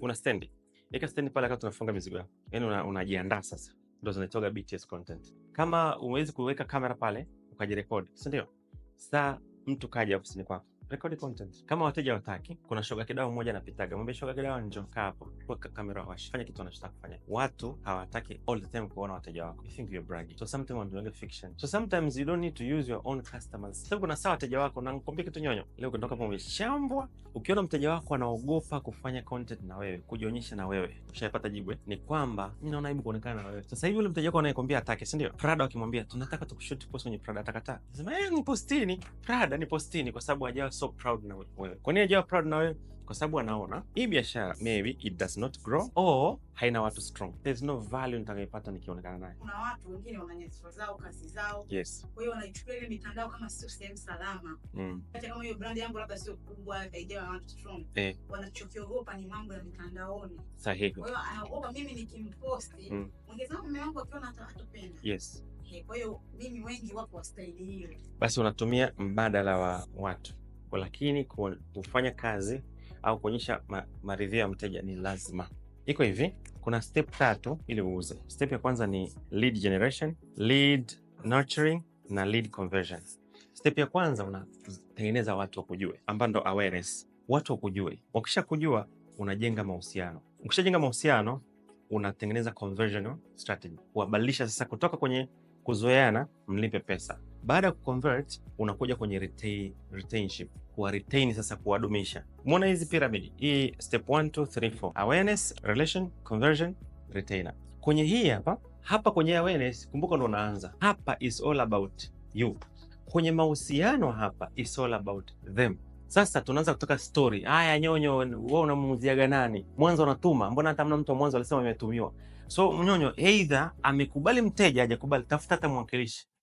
una stendi eka stendi pale, kama tunafunga mizigo yako, yani unajiandaa sasa, ndo zinaitoga BTS content. Kama uwezi kuweka kamera pale ukajirekodi, sindio Saa mtu kaja ofisini kwako rekodi content. Kama wateja wataki, kuna shoga kidao mmoja anapitaga, mwambie shoga kidao, hapo, weka kamera, kitu wanachotaka kufanya. Watu hawataki all the time kuona wateja wako, you think you're bragging, so sometimes fiction, so sometimes you don't need to use your own customers. kuna saa wateja wako, na nikwambia kitu nyonyo, leo hapo umeshambwa. Ukiona mteja wako anaogopa kufanya content na wewe, kujionyesha na wewe, ushaipata jibu eh? ni kwamba mimi naona aibu kuonekana na wewe. Sasa hivi yule mteja wako anayekwambia atake, si ndio? Prada wakimwambia tunataka tukushoot post kwenye Prada, atakataa, sema eh, ni postini Prada, ni postini kwa sababu hajawa so proud na wewe. Kwa nini hajawa proud na wewe? Kwa sababu anaona hii biashara maybe it does not grow or haina watu strong. There's no value nitakayopata nikionekana naye. Kuna watu wengine wana sifa zao, kazi zao. Yes. Kwa hiyo wanaichukulia ile mitandao kama sio sehemu salama. Mm. Hata kama hiyo brand yangu labda sio kubwa, haijawa watu strong. Eh. Wanachokiogopa ni mambo ya mitandaoni. Sahihi. Kwa hiyo anaogopa ah, mimi nikimposti, mm. Ongeza mume wangu akiona atapenda. Yes. Eh, kwa hiyo mimi wengi wapo wa staili hiyo. Basi unatumia mbadala wa watu lakini kufanya kazi au kuonyesha maridhio ya mteja ni lazima. Iko hivi, kuna step tatu ili uuze. Step ya kwanza ni lead generation, lead nurturing na lead conversion. Step ya kwanza unatengeneza watu wakujue, ambao ndo awareness, watu wakujue. Wakisha kujua unajenga mahusiano, ukishajenga mahusiano unatengeneza conversion strategy, kuwabadilisha sasa kutoka kwenye kuzoeana mlipe pesa baada ya kuconvert unakuja kwenye retain, retainship kuwa retain sasa, kuwadumisha. Umeona hizi pyramid hii, e, step 1 2 3 4, awareness, relation, conversion, retainer. Kwenye hii hapa hapa kwenye awareness, kumbuka ndo unaanza hapa, is all about you. Kwenye mahusiano hapa, is all about them. Sasa tunaanza kutoka story. Haya, Nyonyo wewe unamuuziaga nani? Mwanzo unatuma, mbona hata mna mtu wa mwanzo alisema imetumiwa? So Mnyonyo, either amekubali mteja, hajakubali, tafuta hata mwakilishi